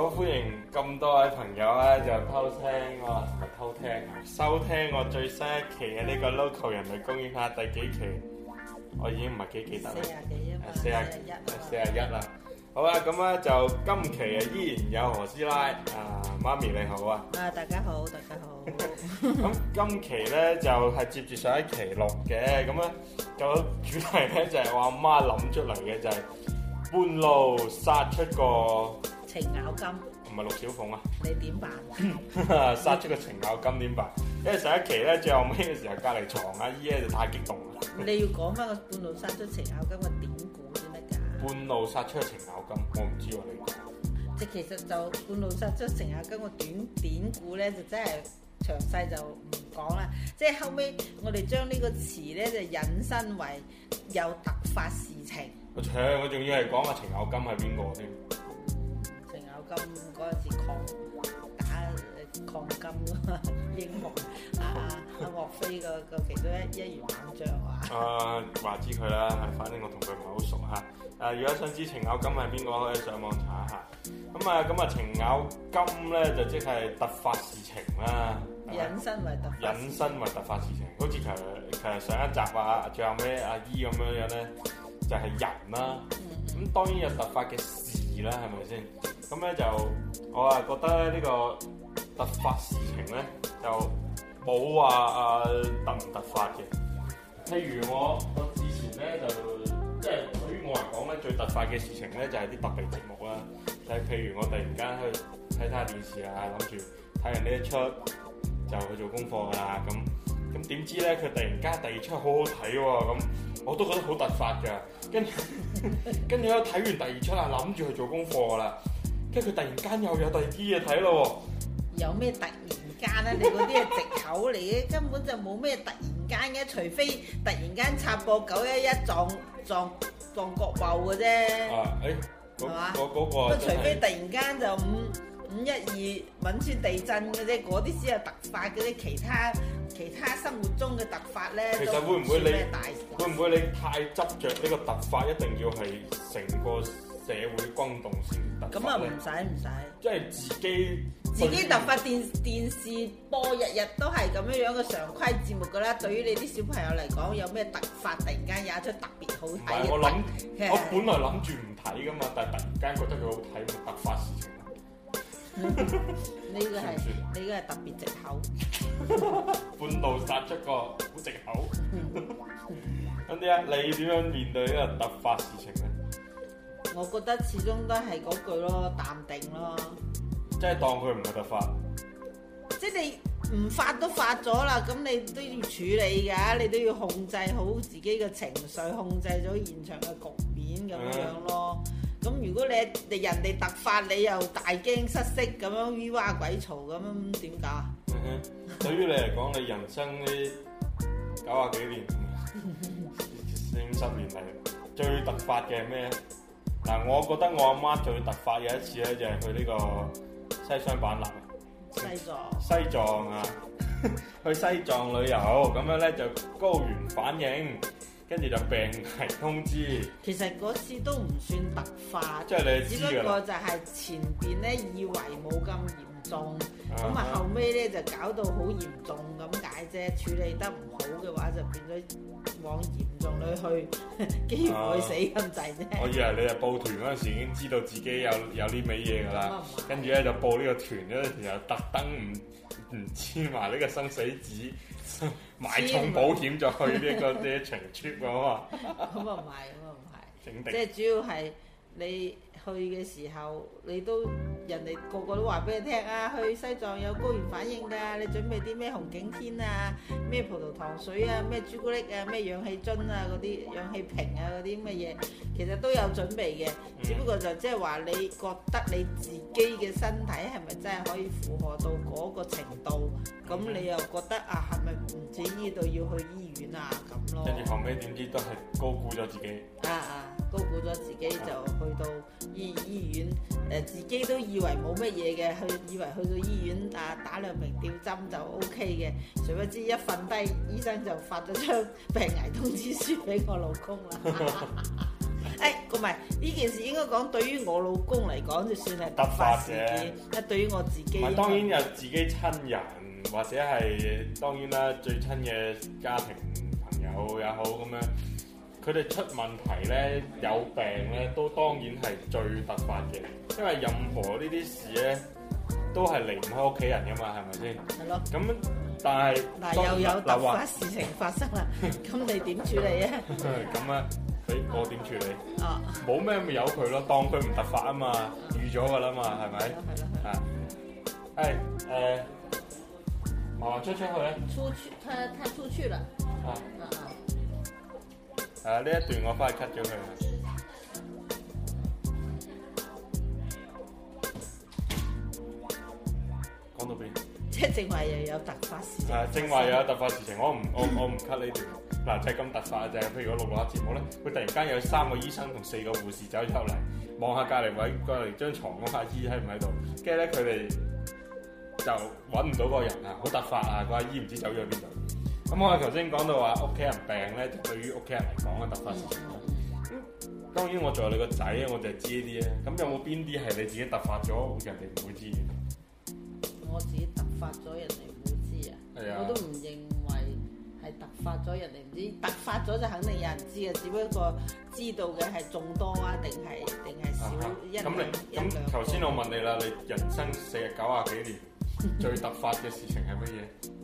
好歡迎咁多位朋友咧，就偷聽我，偷聽收聽我最新一期嘅呢個 Local 人類公園啊，第幾期？我已經唔係幾記得啦。四十幾啊？四十一啦。四十一啦。好啊，咁咧就今期啊，依然有何師奶啊，媽咪你好啊。啊，大家好，大家好。咁今期咧就係接住上一期錄嘅，咁咧個主題咧就係我阿媽諗出嚟嘅，就係半路殺出個。程咬金唔係陸小鳳啊？你點辦、啊？殺 出個程咬金點辦？因為上一期咧最後尾嘅時候、啊，隔籬床阿姨咧就太激動啦。你要講翻個半路殺出程咬金嘅典故先得噶。半路殺出個程咬金，我唔知喎、啊、你講。即係其實就半路殺出程咬金個短典故咧，就真係詳細就唔講啦。即係後尾我哋將呢個詞咧就引申為有突發事情。我唱，我仲要係講下程咬金係邊個添？打，打抗金呵呵英雄啊！阿阿岳飛個個其中一一員猛將啊！啊，話知佢啦，係、啊 啊、反正我同佢唔係好熟吓。誒、啊，如果想知程咬金係邊個，可以上網查下。咁啊，咁、嗯、啊，程、嗯、咬金咧就即係突發事情啦，引申為突引申為突發事情，好似其其實上一集啊，最後尾阿姨咁樣樣咧，就係人啦。咁當然有突發嘅事啦，係咪先？咁咧就。我係覺得呢個突發事情咧就冇話啊突唔突發嘅。譬如我我之前咧就即係對於我嚟講咧最突發嘅事情咧就係、是、啲特別節目啦。就係、是、譬如我突然間去睇睇下電視啊，諗住睇完呢一出就去做功課噶啦。咁咁點知咧佢突然間第二出好好睇喎。咁我都覺得好突發㗎。跟 跟住咧睇完第二出啊，諗住去做功課㗎啦。跟住佢突然間又有第二啲嘢睇咯喎！有咩突然間啊？你嗰啲係藉口嚟嘅，根本就冇咩突然間嘅，除非突然間插播九一一撞撞撞國貿嘅啫。啊，哎，係嘛？嗰嗰個，不過除非突然間就五五一二汶川地震嘅啫，嗰啲先係突發，嗰啲其他其他生活中嘅突發咧，其實會唔會你會唔會你太執著呢個突發一定要係成個？社會轟動性突發，咁啊唔使唔使，即係自己自己突發電電視播日日都係咁樣樣嘅常規節目㗎啦。對於你啲小朋友嚟講，有咩突發突然間有一出特別好睇嘅戲我諗，我本來諗住唔睇㗎嘛，但係突然間覺得佢好睇，突發事情。你個係你個係特別藉口，半路殺出個好藉口。跟住啊，你點樣面對呢個突發事情咧？我覺得始終都係嗰句咯，淡定咯。即係當佢唔係得發，即係你唔發都發咗啦，咁你都要處理噶，你都要控制好自己嘅情緒，控制咗現場嘅局面咁樣樣咯。咁如果你人哋突發，你又大驚失色咁樣咿哇鬼嘈咁點搞？對於你嚟講，你人生呢九啊幾年、四五十年嚟最突發嘅咩？嗱，我覺得我阿媽最突發嘅一次咧，就係去呢個西雙版納，西藏。西藏啊， 去西藏旅遊，咁樣咧就高原反應，跟住就病危通知。其實次都唔算突發，即係你，只不過就係前邊咧以為冇咁嚴。重咁、嗯、啊，後尾咧就搞到好嚴重咁解啫，處理得唔好嘅話就變咗往嚴重裏去，幾乎死咁滯啫。我以為你係報團嗰陣時已經知道自己有有、嗯嗯嗯嗯、啲咩嘢噶啦，跟住咧就報呢個團咧，然後特登唔唔簽埋呢個生死紙，啊、買重保險就去呢一個呢一場 trip 喎。咁啊唔係，咁啊唔係，整定、即係主要係你。去嘅時候，你都人哋個個都話俾你聽啊，去西藏有高原反應㗎，你準備啲咩紅景天啊，咩葡萄糖水啊，咩朱古力啊，咩氧氣樽啊，嗰啲氧氣瓶啊，嗰啲咁嘅嘢，其實都有準備嘅，只不過就即係話你覺得你自己嘅身體係咪真係可以負荷到嗰個程度？咁你又覺得啊，係咪唔止呢度要去醫院啊？咁咯。跟住後尾點知都係高估咗自己。啊啊！高估咗自己就去到醫醫院，誒、呃、自己都以為冇乜嘢嘅，去以為去到醫院啊打，打兩瓶吊針，針就 OK 嘅，誰不知一瞓低，醫生就發咗張病危通知書俾我老公啦。誒、 哎，唔係呢件事應該講對於我老公嚟講就算係突發事件，一對於我自己。當然有自己親人或者係當然啦，最親嘅家庭朋友也好咁樣。佢哋出問題咧，有病咧，都當然係最突發嘅，因為任何呢啲事咧，都係離唔開屋企人噶嘛，係咪先？係咯是的。咁但係，但係又有突發事情發生啦，咁、嗯、呵你點處理啊？咁啊， 佢我點處理？哦。冇咩咪由佢咯，當佢唔突發啊嘛，啊預咗㗎啦嘛，係咪？係咯係咯。係。誒誒、哎，出出去啦。出去，佢佢出去啦。啊啊啊！係呢一段我翻去 cut 咗佢。講到邊？即係正話又有突發事情啊，正話又有突發事情，我唔我我唔 cut 呢段。嗱，就咁突發就係，譬如嗰六六七節，我咧會突然間有三個醫生同四個護士走咗出嚟，望下隔離位隔離張床。嗰個阿姨喺唔喺度？跟住咧佢哋就揾唔到嗰個人啊，好突發啊，個阿姨唔知走咗去邊度。咁、嗯、我哋頭先講到話屋企人病咧，對於屋企人嚟講嘅突發事情咧，當然我作為你個仔，我就係知呢啲咧。咁有冇邊啲係你自己突發咗，人哋唔會知嘅？我自己突發咗，人哋唔會知啊！哎、呀我都唔認為係突發咗，人哋唔知。突發咗就肯定有人知啊，只不過知道嘅係眾多啊，定係定係少一咁個，你咁頭先我問你啦，你人生四廿九啊幾年， 最突發嘅事情係乜嘢？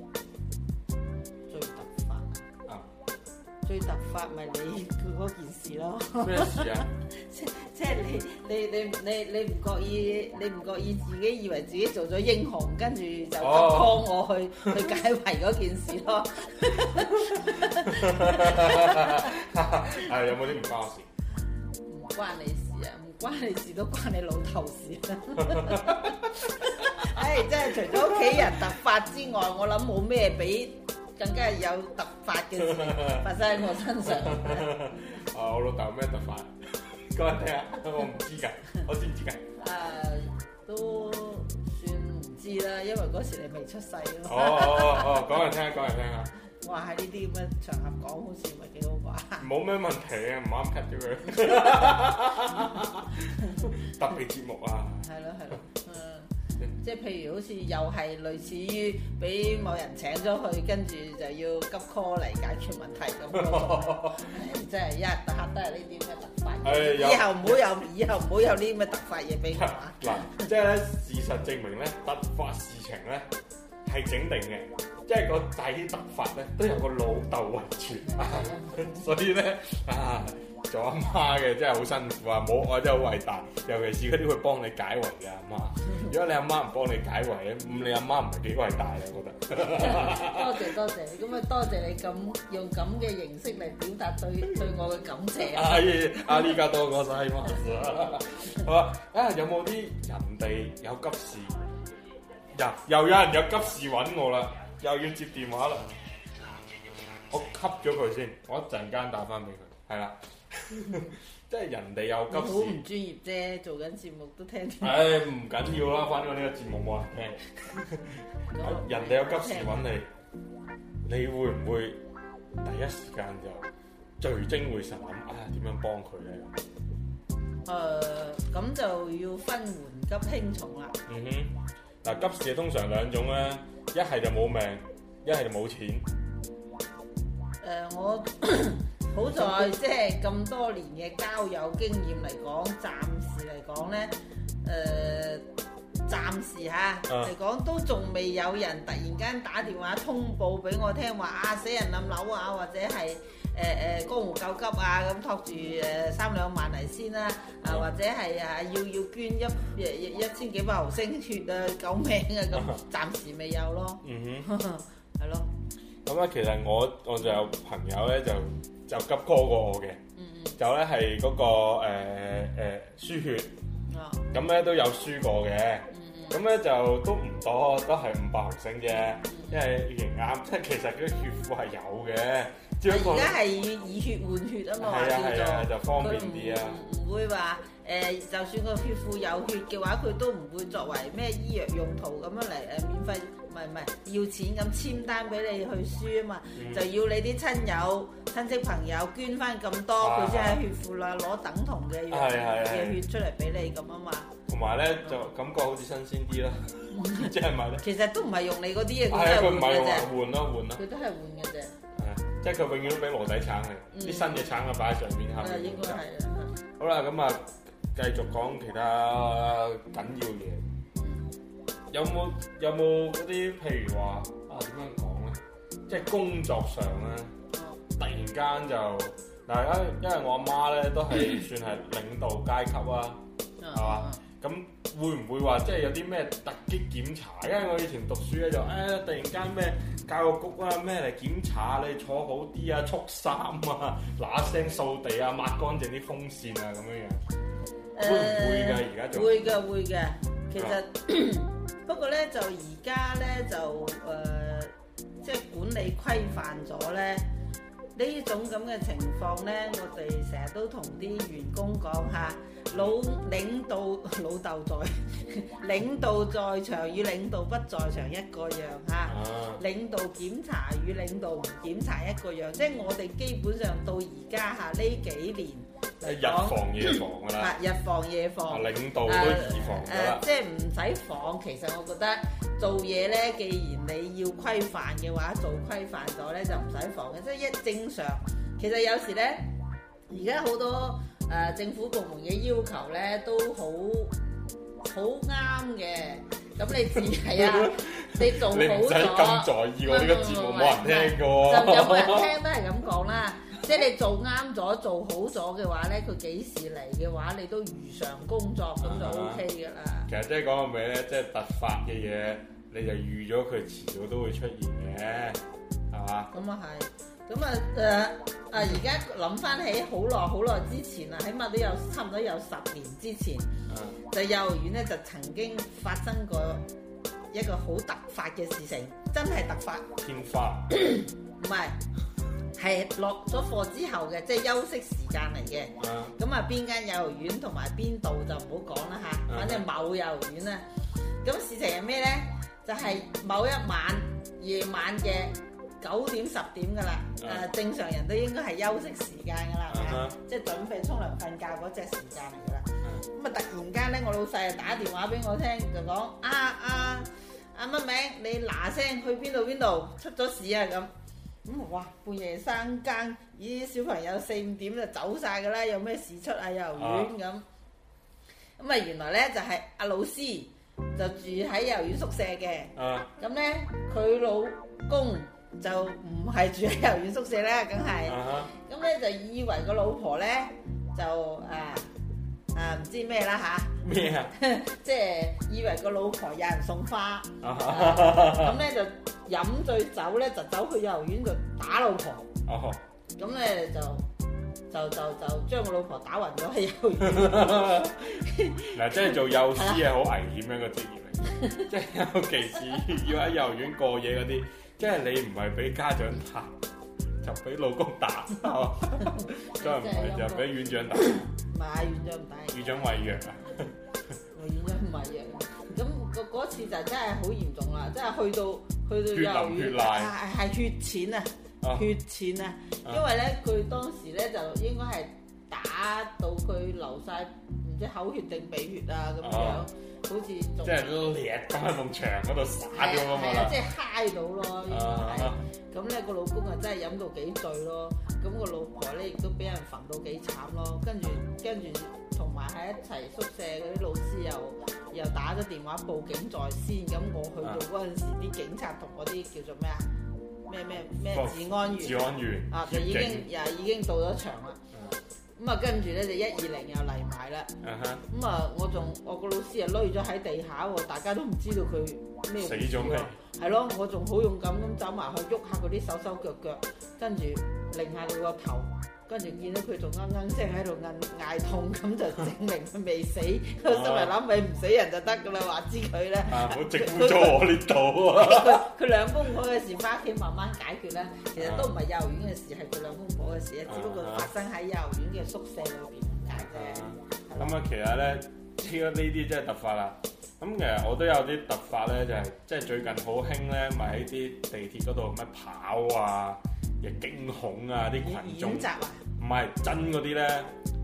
最突發咪你嗰件事咯，咩事啊？ 即即係你你你你你唔覺意，你唔覺意自己以為自己做咗英雄，跟住就幫我去哦哦哦去解圍嗰件事咯。係有冇啲唔關我事？唔關你事啊！唔關你事都關你老頭事啊！唉，即係除咗屋企人突發之外，我諗冇咩比。更加係有突發嘅事發生喺我身上。啊，我老豆有咩突發？講嚟聽下，我唔知㗎，我知唔知㗎。誒，都算唔知啦，因為嗰時你未出世囉。哦哦哦，講嚟聽下，講嚟聽下。哇，喺呢啲咁嘅場合講，好似唔係幾好啩。冇咩問題啊，唔啱 cut 咗佢。特別節目啊！係咯係咯。即係譬如好似又係類似於俾某人請咗去，跟住就要急 call 嚟解決問題咁。即係一日得嚇都係呢啲咩突發。以後唔好有，以後唔好有呢啲咩突發嘢俾佢。嗱、嗯，嗯、 即係咧事實證明咧，突發事情咧係整定嘅。即係個仔突發咧都有個老豆維持，嗯、 所以咧啊做阿媽嘅真係好辛苦啊，母愛真係好偉大，尤其是嗰啲會幫你解圍嘅阿媽。如果你阿媽唔幫你解圍，咁、嗯、你阿媽唔係幾偉大啊？我覺得你媽媽 多。多謝多謝，咁啊多謝你咁用咁嘅形式嚟表達對 對，對我嘅感謝。 啊，阿呢家多過曬我啊！好啊，啊有冇啲人哋有急事？呀、yeah，又有人有急事揾我啦，又要接電話啦。我吸咗佢先，我一陣間打翻俾佢。係啦。 即係人哋有急事，好唔專業啫，做緊節目都聽啲。誒唔緊要啦， 反正我呢個節目冇、okay. 人聽。人哋有急事揾你， 你會唔會第一時間就聚精會神諗啊？點、哎、樣幫佢咧？誒、呃，咁就要分緩急輕重啦。嗯哼，嗱、啊，急事通常兩種咧，一係就冇命，一係就冇錢。誒、呃，我。 好在即係咁多年嘅交友經驗嚟講，暫時嚟講呢，誒、呃，暫時嚇嚟講都仲未有人突然間打電話通報俾我聽話啊，死人冧樓啊，或者係誒、呃、江湖救急啊，咁托住三兩萬嚟先啦、啊，啊或者係啊要要捐一一,一,一,一千幾百毫升血啊救命啊咁，暫時未有咯、啊，嗯哼，係咯、 嗯。咁啊，其實我我仲有朋友咧，就就急 call 過我嘅，嗯、就咧係嗰個誒誒、呃呃、輸血，咁咧都有輸過嘅，咁咧、嗯、就都唔多，都係五百毫升啫，因為血型啱，即係其實嗰啲血庫係有嘅。只不過而家係以以血換血啊嘛，就方便啲啊。唔會話誒、呃，就算個血庫有血嘅話，佢都唔會作為咩醫藥用途咁樣嚟誒免費。唔係唔係，要錢咁簽單俾你去輸啊嘛，就要你啲親友、親戚朋友捐翻咁多，佢先喺血庫啦攞等同嘅，係係嘅血出嚟俾你咁啊嘛。同埋咧就感覺好似新鮮啲咯，即係咪咧？其實都唔係用你嗰啲嘢，佢就換嘅啫。換咯換咯，佢都係換嘅啫。係，即係佢永遠都俾籮底橙嘅，啲新嘅橙啊擺喺上面下面。應該係啊。好啦，咁啊，繼續講其他緊要嘢。有冇有冇嗰啲譬如話啊點樣講咧？即係工作上咧，oh. 突然間就大家，因為我阿媽咧都係算係領導階級啊，係嘛、oh. 啊？咁會唔會話即係有啲咩突擊檢查？因為我以前讀書咧就誒、啊，突然間咩教育局啊咩嚟檢查你坐好啲啊，束衫啊，嗱聲掃地啊，抹乾淨啲風扇啊咁樣樣、uh, uh,。會唔會㗎，而家就會嘅會嘅，其實。 不過咧，就而家咧就誒即係管理規範咗咧，這種這呢種咁嘅情況咧，我哋成日都同啲員工講吓老領導老豆在， 領導在場與領導不在場一個樣吓，啊，領導檢查與領導唔檢查一個樣，即係我哋基本上到而家吓呢幾年。日防夜防噶啦，日防夜防、啊，領導都預防噶即係唔使防。其實我覺得做嘢咧，既然你要規範嘅話，做規範咗咧就唔使防嘅。即、就、係、是、一正常。其實有時咧，而家好多誒、呃、政府部門嘅要求咧都好好啱嘅。咁你自係啊？你做好 你咁在意，嗯、我呢個字幕冇人聽噶、嗯嗯嗯、就有冇人聽都係咁講啦。 即係你做啱咗、做好咗嘅話咧，佢幾時嚟嘅話，你都如常工作咁、嗯、就 O K 㗎啦。其實、嗯，即係講個名咧，即係突發嘅嘢，你就預咗佢遲早都會出現嘅，係嘛？咁啊係，咁啊誒啊！而家諗翻起好耐好耐之前啦，嗯、起碼都有差唔多有十年之前，嗯、就幼兒園咧就曾經發生過一個好突發嘅事情，真係突發天花唔係。 係落咗課之後嘅，即、就、係、是、休息時間嚟嘅。咁啊、uh，邊間幼兒園同埋邊度就唔好講啦嚇。Uh huh. 反正某幼兒園啦。咁事情係咩咧？就係、是、某一晚夜晚嘅九點十點噶啦。誒，uh huh. 正常人都應該係休息時間噶啦，uh huh. 即係準備沖涼瞓覺嗰隻時間嚟噶啦。咁啊、uh，huh. 突然間咧，我老細啊打電話俾我聽，就講啊啊阿乜、啊啊、名？你嗱聲去邊度邊度出咗事啊咁？咁哇，半夜三更，咦，小朋友四五點就走晒噶啦，有咩事出啊？幼兒園咁，咁啊，原來咧就係阿老師就住喺幼兒園宿舍嘅，咁咧佢老公就唔係住喺幼兒園宿舍啦，梗係、uh，咁咧就以為個老婆咧就誒誒唔知咩啦吓？咩啊？即係以為個老婆有人送花，咁咧就。飲醉酒咧就走去幼兒園度打老婆，咁咧就就就就將個老婆打暈咗喺幼兒園。嗱，即係做幼師係好危險嘅一個職業嚟，哦、即係尤其是要喺幼兒園過夜嗰啲，即係你唔係俾家長打，就俾老公打，係嘛，再唔係就俾院長打？唔係院長唔打，院長餵藥。院長唔餵藥，咁嗰次真就真係好嚴重啦，真係去到。去到佢就係係血錢啊，啊，血錢啊，因為咧佢當時咧就應該係打到佢流晒。即口血定鼻血啊咁樣，oh. 好似即係擸咁喺埲牆嗰度灑咗咁啊！即係嗨到咯，咁咧、oh. 個老公啊真係飲到幾醉咯，咁、個老婆咧亦都俾人焚到幾慘咯，跟住跟住同埋喺一齊宿舍嗰啲老師又又打咗電話報警在先，咁我去到嗰陣時，啲、oh. 警察同嗰啲叫做咩啊咩咩咩治安員，治安員啊就已經又已,已,已經到咗場啦。咁啊，跟住咧就一二零又嚟埋啦。咁啊、uh huh. 嗯，我仲我個老師啊，攞咗喺地下，大家都唔知道佢咩死咗未？係咯，我仲好勇敢咁走埋去喐下嗰啲手手腳腳，跟住擰下佢個頭。跟住見到佢仲啱啱聲喺度嗌痛，咁就證明佢未死。我心咪諗，你唔死人就得噶啦，話知佢咧。啊！唔好整污糟我呢度。佢佢兩公婆嘅事，返屋企慢慢解決啦。其實都唔係幼兒園嘅事，係佢兩公婆嘅事啊。只不過發生喺幼兒園嘅宿舍裏面，大隻。咁啊，其實咧，呢呢啲真係突發啦。咁其實我都有啲突發咧，就係即係最近好興咧，咪喺啲地鐵嗰度咩跑啊，亦驚恐啊啲羣眾。唔係真嗰啲咧，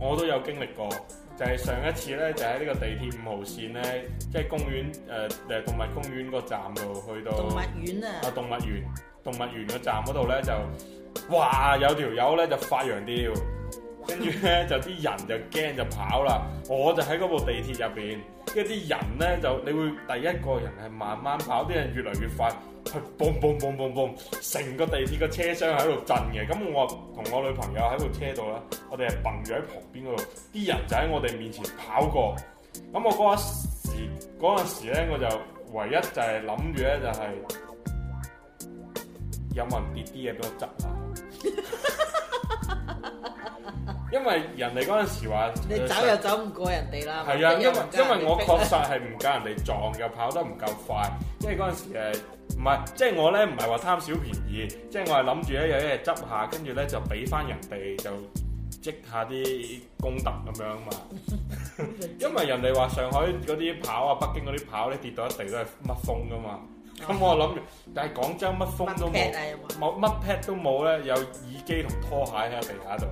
我都有經歷過。就係、是、上一次咧，就喺呢個地鐵五號線咧，即係公園誒誒動物公園個站度去到動物園啊，啊！動物園動物園個站嗰度咧就，哇有條友咧就發羊吊，跟住咧就啲人就驚就跑啦。我就喺嗰部地鐵入邊。一啲人咧就，你會第一個人係慢慢跑，啲人越嚟越快，佢嘣嘣嘣嘣嘣，成個地鐵個車廂喺度震嘅。咁我同我女朋友喺個車度咧，我哋係揼住喺旁邊嗰度，啲人就喺我哋面前跑過。咁我嗰陣時嗰陣時咧，我就唯一就係諗住咧就係有冇人跌啲嘢俾我執 因為人哋嗰陣時話，你走又走唔過人哋啦。係啊的，嘛因為因為，因為我確實係唔夠人哋撞，又 跑得唔夠快。因為嗰陣時誒，唔係即係我咧，唔係話貪小便宜，即、就、係、是、我係諗住咧有一日執下，跟住咧就俾翻人哋就積下啲功德咁樣啊嘛。 因為人哋話上海嗰啲跑啊，北京嗰啲跑咧跌到一地都係乜風噶嘛。咁 我諗住，但係廣州乜風都冇，冇乜 pad 都冇咧，有耳機同拖鞋喺地下度。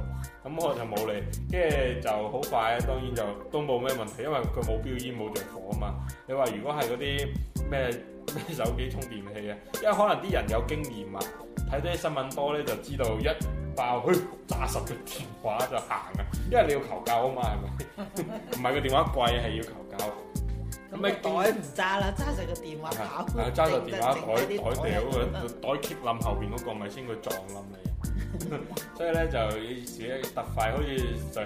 咁、嗯、我就冇理，跟住就好快啊！當然就都冇咩問題，因為佢冇標煙冇着火啊嘛。你話如果係嗰啲咩手機充電器啊，因為可能啲人有經驗啊，睇啲新聞多咧就知道一爆去揸、哎、實部電話就行啊，因為你要求救啊嘛，係咪？唔係個電話貴，係要求救。咁啲袋唔揸啦，揸住個電話係啊，哋，揸住電話袋袋掉嗰、那個，袋 keep 冧後邊嗰個咪先佢撞冧你。 所以咧就以前咧特快好，好似上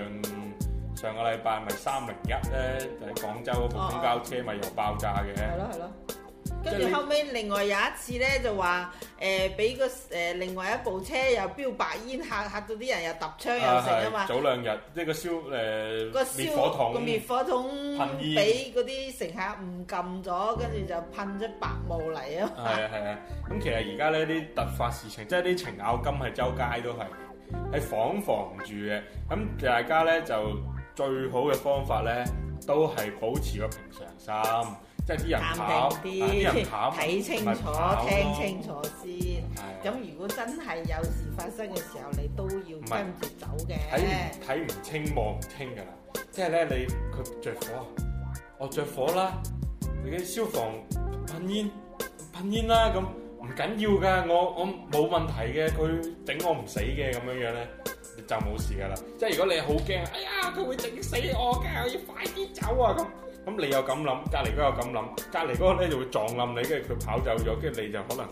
上個禮拜咪三零一咧，就係廣州嗰部公交車咪又爆炸嘅。係咯係咯。哦 跟住後尾，另外有一次咧，就話誒俾個誒、呃、另外一部車又飆白煙，嚇嚇到啲人又揼槍又成啊嘛！嗯、早兩日即係個燒誒個滅火筒，個滅火筒俾嗰啲乘客唔撳咗，跟住就噴咗白霧嚟啊。係啊係啊，咁、 嗯、其實而家呢啲突發事情，即係啲程咬金係周街都係，係防防唔住嘅。咁大家咧就最好嘅方法咧，都係保持個平常心。即係啲人淡定啲，睇、啊、清楚，聽清楚先。咁的如果真係有事發生嘅時候，你都要跟住走嘅。睇睇唔清，望唔清㗎啦。即係咧，你佢着火，我着火啦，你啲消防噴煙噴煙啦，咁唔緊要㗎，我我冇問題嘅，佢整我唔死嘅咁樣樣咧，就冇事㗎啦。即係如果你好驚，哎呀，佢會整死我，嘅，我要快啲走啊咁。咁你又咁諗，隔離嗰個又咁諗，隔離嗰個呢就會撞冧你，跟住佢跑走咗，跟住你就可能。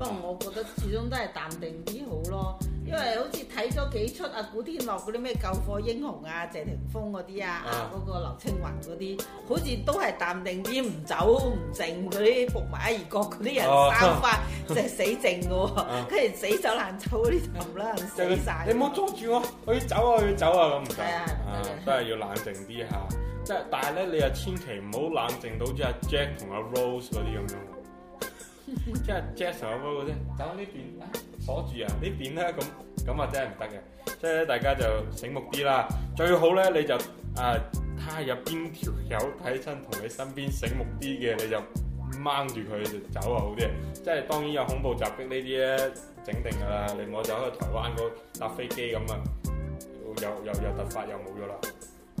不過我覺得始終都係淡定啲好咯，因為好似睇咗幾出啊，古天樂嗰啲咩救火英雄啊，謝霆鋒嗰啲啊，啊嗰個劉青雲嗰啲，好似都係淡定啲唔走唔靜嗰啲，伏埋一二國嗰啲人翻翻就死靜嘅喎，跟住死走難走嗰啲就唔可能死晒！你唔好捉住我，我要走啊，我要走啊咁唔得！係啊，都係要冷靜啲嚇，即係但係咧，你又千祈唔好冷靜到好似阿 Jack 同阿 Rose 嗰啲咁樣。 即係 Jazz 嗰度啫，走呢邊鎖住啊！住呢邊咧咁咁啊，就真係唔得嘅。即係咧，大家就醒目啲啦。最好咧、呃，你就啊，睇下有邊條友睇親同你身邊醒目啲嘅，你就掹住佢就走啊，好、嗯、啲。即係當然有恐怖襲擊呢啲咧，整定噶啦，你唔好走去台灣嗰搭飛機咁啊，又又又,又突發又冇咗啦。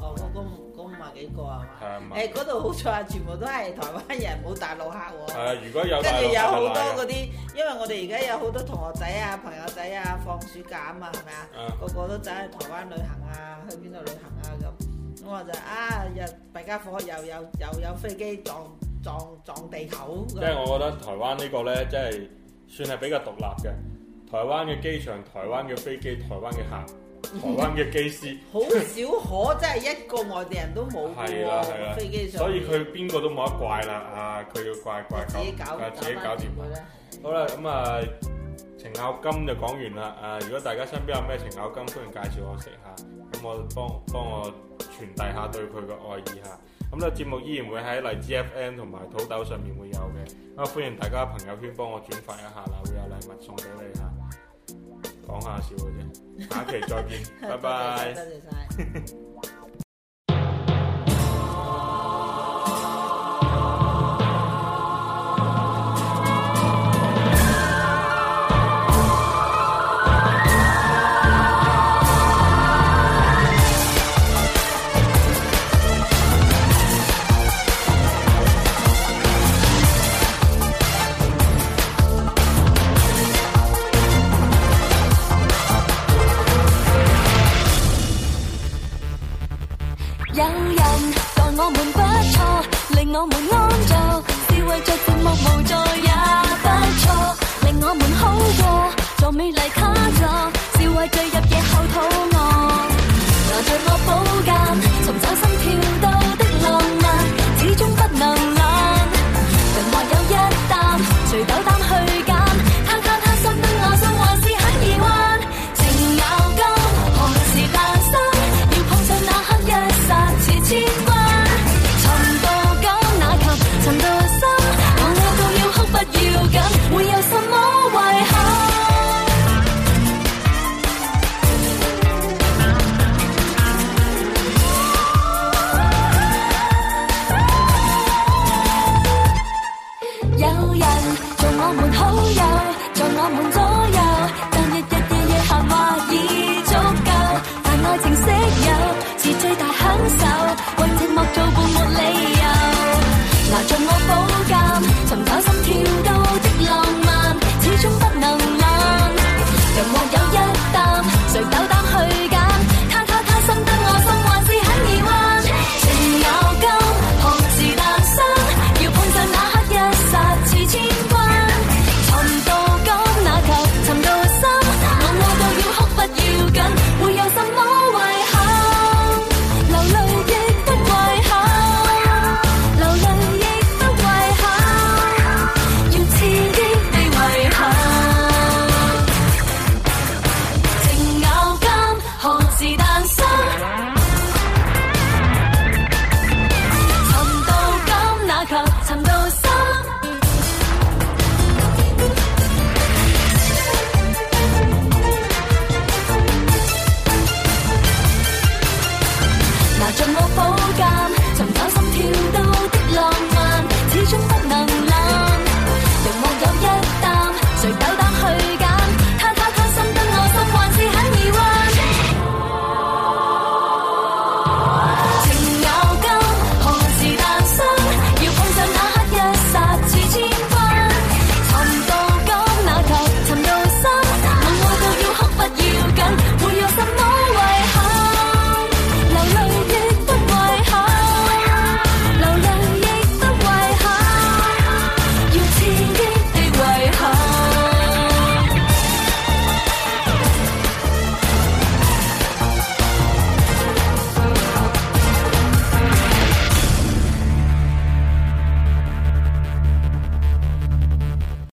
哦，嗰、那個嗰五萬幾個啊嘛，誒嗰度好彩啊，全部都係台灣人，冇大陸客喎。係啊，如果有跟住有好多嗰啲，啊、因為我哋而家有好多同學仔啊、朋友仔啊放暑假啊嘛，係咪啊？個個都走去台灣旅行啊，去邊度旅行啊咁。咁、嗯、我就啊，又大家伙又有又有飛機撞撞撞地球。即係我覺得台灣個呢個咧，即係算係比較獨立嘅。台灣嘅機場，台灣嘅飛機，台灣嘅客。台灣嘅機師好少 可，真係 一個外地人都冇喺、啊啊啊、飛機上，所以佢邊個都冇得怪啦啊！佢要怪怪自己搞，啊、自己搞掂啦。好啦，咁啊、呃，程咬金就講完啦。啊、呃，如果大家身邊有咩程咬金，歡迎介紹我識下。咁、嗯、我幫幫我傳遞下對佢嘅愛意嚇。咁、嗯、咧，節目依然會喺荔枝 FM 同埋土豆上面會有嘅。咁啊，歡迎大家朋友圈幫我轉發一下啦，會有禮物送俾你嚇。講下笑嘅啫，下期再見，拜拜，多謝晒。有人待我們不錯，令我們安坐。是爲着寂寞無助也不錯，令我們好過，做美麗卡座，是爲墜入夜後肚餓，拿着我寶鑑，尋找心跳到的浪漫，始終不能冷。人話有一擔，誰斗膽去。